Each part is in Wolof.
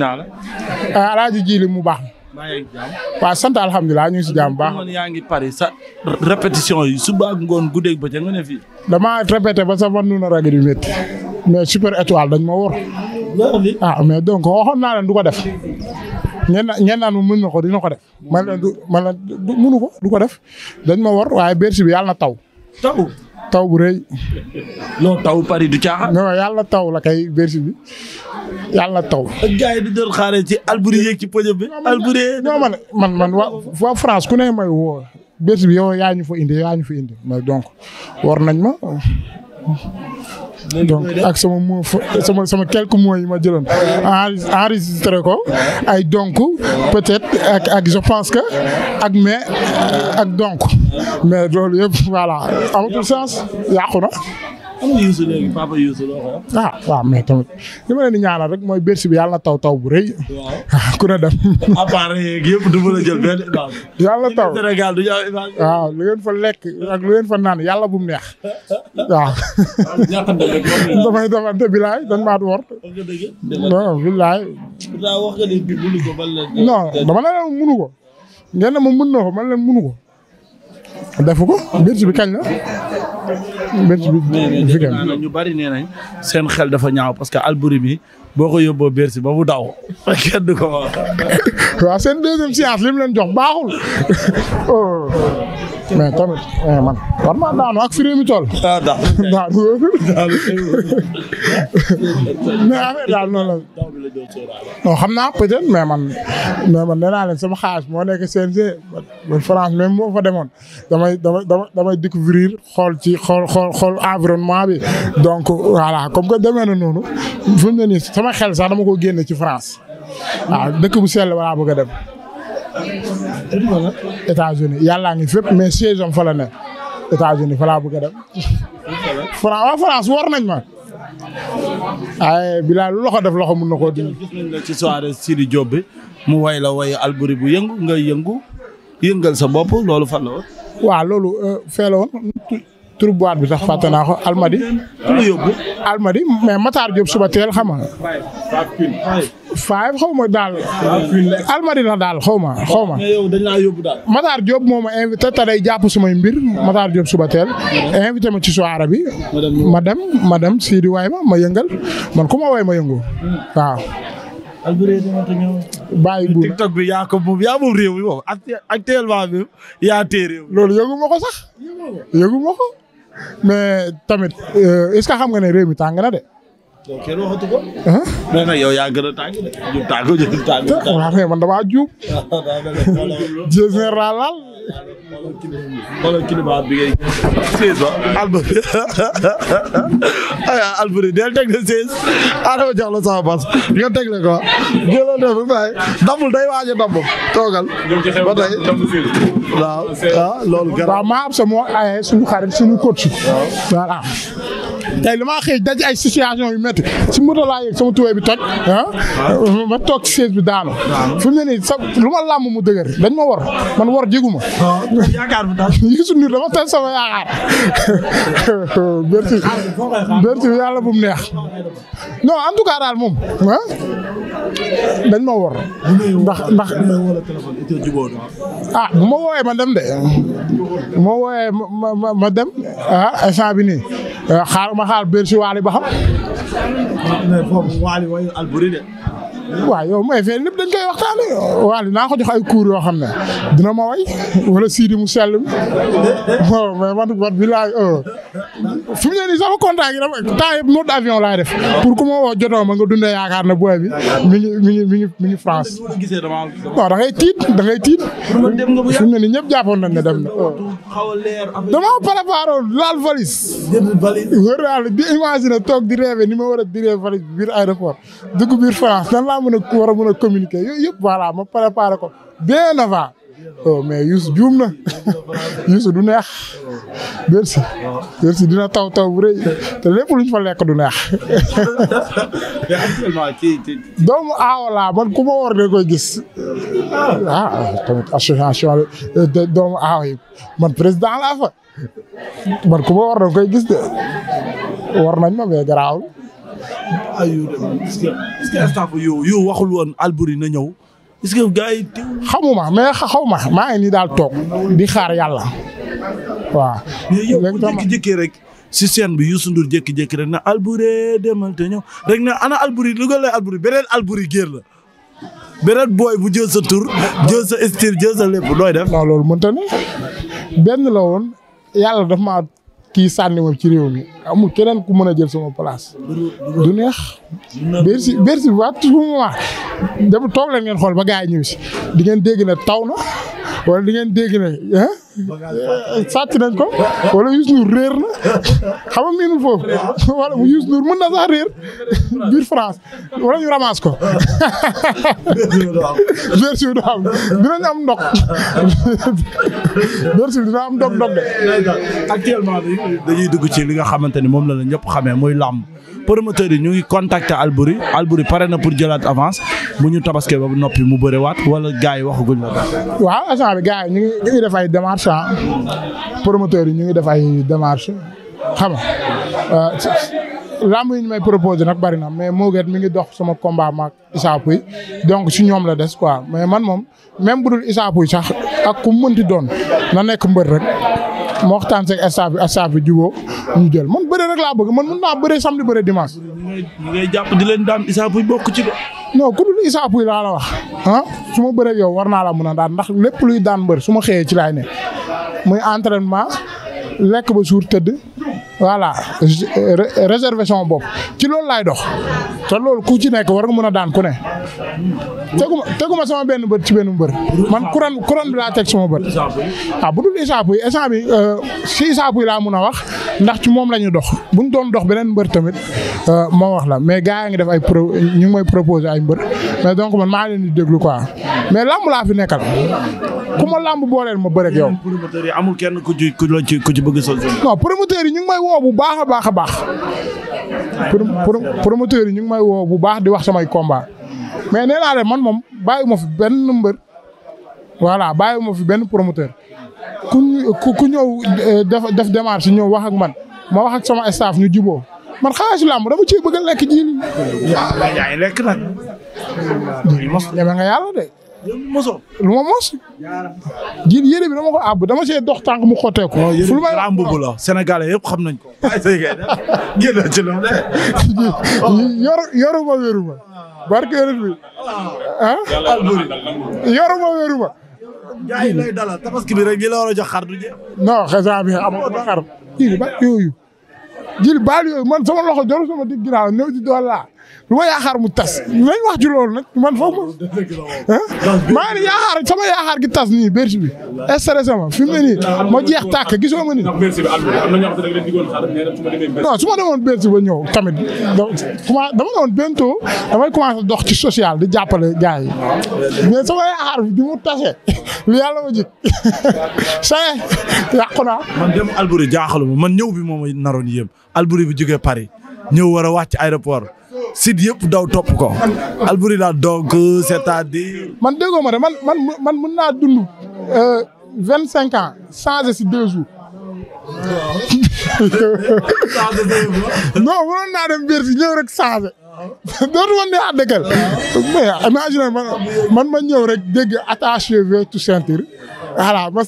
naa la. Euh, alaaji jiili mu baax. waa sant alhamdulilah ñu ngi si jàmm baax. yaa ngi Paris sa répétition yi suba ak ngoon guddeeg bëccëg nga ne fii. damaa répété ba sa fan nu na rag di métti mais super étoile dañ ma wóor. ah mais donc waxoon naa leen du ko def. ñenn ñenn naan mën na ko dina ko def. man la du man la du ko def. dañ ma wóor waaye Bercy bi yàlla na taw. taw taw bu rëy. taw Paris du caaxaan. non yàlla taw la kay Bercy bi yàlla taw. ak gars di doon xaaree ci Albouri yeeg ci podium bi. Albouri non man man man waa France ku ne may woo Bercy bi yow yaa ñu fa indi yaa ñu fa indi mais donc war nañ ma. donc ak sama moo sama sama quelques mois yi ma jëloon enregistré ko ay donc peut-être ak ak je ak mais mais loolu yëpp voilà a sens yàqu na. ah waaw mais tamit li ma leen di rek mooy bersi bi yàlla taw taw bu rëy. waaw a jël benn image. yàlla taw Sénégal du ñu am image. waaw lu naan yàlla bu mu neex waaw. damay damante bilaay dañ maa wor. non bilaay. non dama ne la mënu ko. ngeen ma mën ko man leen mënu ko. defu ko birtu bi kañ la birtu bi. ñu bari nee nañ seen xel defa ñaaw parce que Alboury bi boo ko yóbboo birtu ba mu daw kenn du ko waaw seen deuxième séance li mu leen jox baaxul. Oh. mais tamit eh, man war maa daanu ak fi réew mi toll. ah, ah noonu la. la doon sóoraale. xam naa peut-être ma man leen sama xaalis moo nekk CNG man France même moo fa demoon damay damay damay découvrir xool ci xool xool xool environnement bi donc voilà comme que demee na noonu fi sama xel sax dama ko génne ci France waaw dëkk bu sell balaa bëgg a dem. États-Unis yàllaa ngi fépp mais siège am ne États-Unis fa laa bëgg France waa ma. waaye bilaa lu loxo def loxo mun na koo dindi. gis nañ la ci soirée Sidi Diop bi mu woy la way Alboury bu yëngu nga yëngu yëngal sa bopp loolu fan la waa loolu euh, fee tur boîte bi sax fàtte naa ko almadi. almadi mais Matar Diop suba teel xam nga. xaw ma daal. almadi la daal xaw ma xaw ma. Matar Diop moo ma invité te day jàpp sumay mbir Matar Diop suba teel. invité ma ci soirée bi. ma dem ma dem Sidi waay ma ma yëngal man ku ma waay ma yëngu waaw. bàyyi buur TikTok bi yaa ko moom yaa moom réew mi moom actuellement bi yaa tee réew. loolu yëgu ma sax yëgu ma mais tamit euh, est-ce que xam nga ne réew mi tàng na de. kenn waxatu ko. mais nag yow yaa gën a tàng de. ñu tàng ñu tàng. waaw mais man damaa juum. général laal. wala climat bi ngay. 16 ba. Alboury aywa Alboury del teg na 16. Adama jox la sama bas nga teg la quoi. jëloon def ba pare damul day waaj a damb toogal. ba tey waaw waaw loolu. garab waaw maa am sama ay eh, suñu xarit suñu coach. waaw voilà. tey damaa xëy daje ay situation yu métti si moto laa yëg sama tubéy bi toj ah ma toog si bi daanu fu mu ne nii sa lu ma làmm mu dëgër dañ ma war man wor jégu ma yaakaar bu tax Youssou Ndour dama berti berti yàlla bu mu neex non en tout cas daal moom ah dañ ma war ndax ah bu ma wooyee ma dem de bu ma wooyee ma dem ah instant bi nii xaar ma xaar Bercy Waly ba xam. waaw mais foofu Waly wayu Alboury de. waaw yow may fee lépp dañ koy waxtaane waaw dinaa ko jox ay cours yoo xam ne dina ma way wala Sidi mu sell ma bon mais man man bi laa euh, def pour ku ma woo jotoo ma nga dundee yaakaar na booy mi ngi France. waaw da ngay tiit da ngay tiit fi ne nii ñëpp jàppoon nañ ne dem na. Euh. dama préparé laal valise. wër daal di imaginer toog di rêver ni ma war a diree valise biir aéroport dugg biir France. laa a war a mën a communiquer yooyu yëpp voilà ma préparé ko bien avant. oh mais Youssou juum na Youssou du neex. merci merci dina taw taw te lépp lu ñu fa lekk du neex. doomu aaw laa man ku ma war koy gis. ah tamit association doomu man président laa fa man ku ma war gis de war ma mais garaawul. ay yow dem est-ce que est-ce que instant waxul woon Alboury na ñëw est-ce que gars yi. xamuma xaw ma maa ngi nii daal toog di xaar yàlla waaw. léegi tamit jékki-jékki rek si scène bi yu Ndour jékki-jékki rek na Alboury demal te ñëw rek na ana Alboury lu ko lay Alboury beneen Alboury géer la. beneen booy bu jël sa tur jël sa style jël sa lépp nooy def. non loolu mënta ne benn la woon daf maa kii sànni ma ci réew mi amul keneen ku mën a jël sama place. du neex. Bercy Bercy à tout moment dafa toog ngeen xool ba gars yi ñëw si di ngeen dégg ne taw na wala di ngeen dégg ne Eh, sàcc nañ ko wala Youssou Ndour réer na xam nga miinul foofu wala Youssou Ndour mën na sax réer biir France wala ñu ramasse ko. version du am dinañ am ndox version dina am ndog ndog de. actuellement dañuy dugg ci li nga xamante ni moom la la ñëpp xamee mooy làmb. promoteurs yi ñu ngi contacter Albouri Albouri pare na pour jëlaat avance bu ñu tabaskee ba noppi mu bëriwaat wala gars yi waxaguñ la waaw instant bi gars ngi def ay démarches ah promoteurs yi ñu ngi def ay démarches xam nga euh, lamb yi ñu may proposé nag bari na mais Moget mi ngi dox sama combat maak Issa donc si ñoom la des quoi mais man moom même bu dul Issa Pouye sax ak ku mënti doon na nekk mbër rek moo waxtaan seeg staff bi ñu jël man bëre rek laa bëgg man mën naa bëre samedi bëre dimanche. ñu ngay di leen daan Issa Pouye bokk ci ko. non ku dul Issa Pouye laa la wax ah su ma bëree yow war naa la mën a daan ndax lépp luy daan mbër su xëyee ci laay ne muy entraînement lekk ba suur tëdd voilà réservation bopp ci loolu laay dox te loolu ku ci nekk war nga mën a daan ku ne. teguma ma sama benn bët ci benn mbër man kuran kuran bi laa teg sama bët ah bu dul Issa Pouye instant bi euh, si Issa yi laa mën a wax. ndax ci moom la ñu dox bu ñu doon dox beneen mbër tamit euh, moo wax la mais gars yi ngi def ay pro ñu ngi may proposé ay mbër mais donc man maa leen di déglu quoi mais lamb laa fi nekkal ku ma lamb booleel ma bëreeg yow. promoteurs yi amul kenn ku ci ku ci ku ci bëgg sa non promoteurs yi ñu ngi may woo bu baax a baax a baax. promoteurs yi ñu ngi may woo bu baax di wax samay combat mais nee naa man moom bàyyi ma fi benn mbër voilà baay ma fi benn promoteur. ku ku ñëw eh, def def démarche waxak man ma wax ak sama staff ñu juboo man xaalisu làmb dama ciy bëgg lekk ji. yaa ngi lekk nag. ñeme nga yàlla de. mosoo lu ma mos. ji yére bi dama ko àbb dama see dox tànk mu xotteeku. fu lu may làmb bu la yëpp xam nañ ko. génn ci bi ah. ah? yoruma wéru jaay lay dalal tabaski bi rek li la war a jox xar du jeex. non xesa bi amul xar. jiili ba baal yooyu man sama loxo joru sama digg ginnaaw néew di dool lu ma yaakaar mu tas nañ wax nag man foog ma maa gi tas nii bersi bi stressé ma fi mu nii ma jeex tàkk gisoo ma nii non su ma demoon bersi ba ñëw tamit dama demoon bentoo damay commencé dox ci social di jàppale gars yi mais sama yaakaar di mu tase li ma jik saye yàqu man dem Albury jaaxaluma man ñëw bi moom naroon yéem Albury bi jigee Paris ñëw war a wàcc aéroport site yëpp daw topp ko. Alburida donc c'est-à-dire. man déggoo ma de man man man mën naa euh, vingt cinq ans changé si deux jours. non mënoon naa dem biir si ñëw rek changé. dootu ma ne ah dëkkal. mais imagine man ma ñëw rek dégg attaché vers tout ceinture voilà ma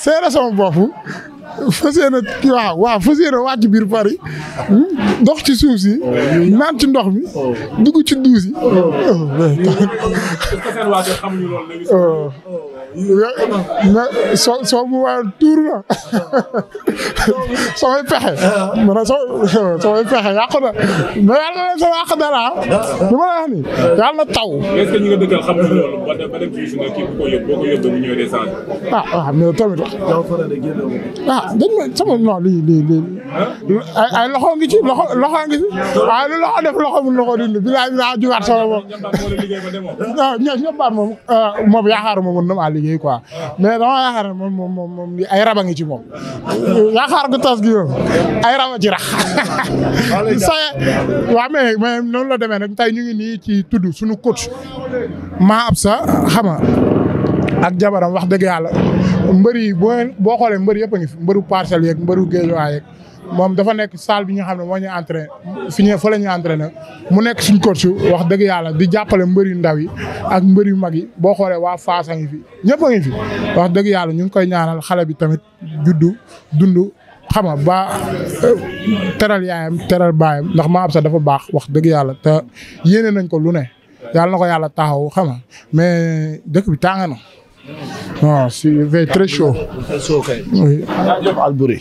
seere sama bopp. fas yéene waaw waaw fas biir Paris hmm, dox ci suuf si naan ci ndox mi dugg ci duus yi. Oh, mais soo waa tuur na samay pexe ma ne soo samay pexe yàqu na ma la na taw. est-ce que ñu nga ah dañ ma sama non lii lii lii ay ay loxo ngi ci loxo loxo ngi ci waaye lu loxo def loxo mun na ko dindi bilaay dinaa jugaat sama bopp non ñoom ñëpp baat moom euh, moom yaakaaruma mun na maa liggéey quoi mais dama yaakaar ne moom moom moom moom ay raba ngi ci moom yaakaar gu tas gi moom ay raba ci rax sa waaw mais mais noonu la demee nag tey ñu ngi nii ci tudd suñu coach maa ab sa xama ak jabaram wax dëgg yàlla mbër yi boo boo xoolee mbër yëpp a ngi fi mbëru parcelles yeeg mbëru géejuwaay yeeg moom dafa nekk salle bi nga xam ne moo ñu entraîné fi ñu fa la mu nekk suñ coach wax dëgg yàlla di jàppale mbër yu ndaw yi ak mbër yu mag yi boo xoolee waa Fass a ngi fi ñëpp a ngi fi wax dëgg yàlla ñu ngi koy ñaanal xale bi tamit juddu dund xam nga ba euh, teral yaayam teral baayam ndax maa ab dafa baax wax dëgg yàlla te yéene nañ ko lu ne yàlla na ko yàlla taxaw xam nga mais dëkk bi tàng na waaw si il fait très chaud. il fait chaud kay. oui. Albouri.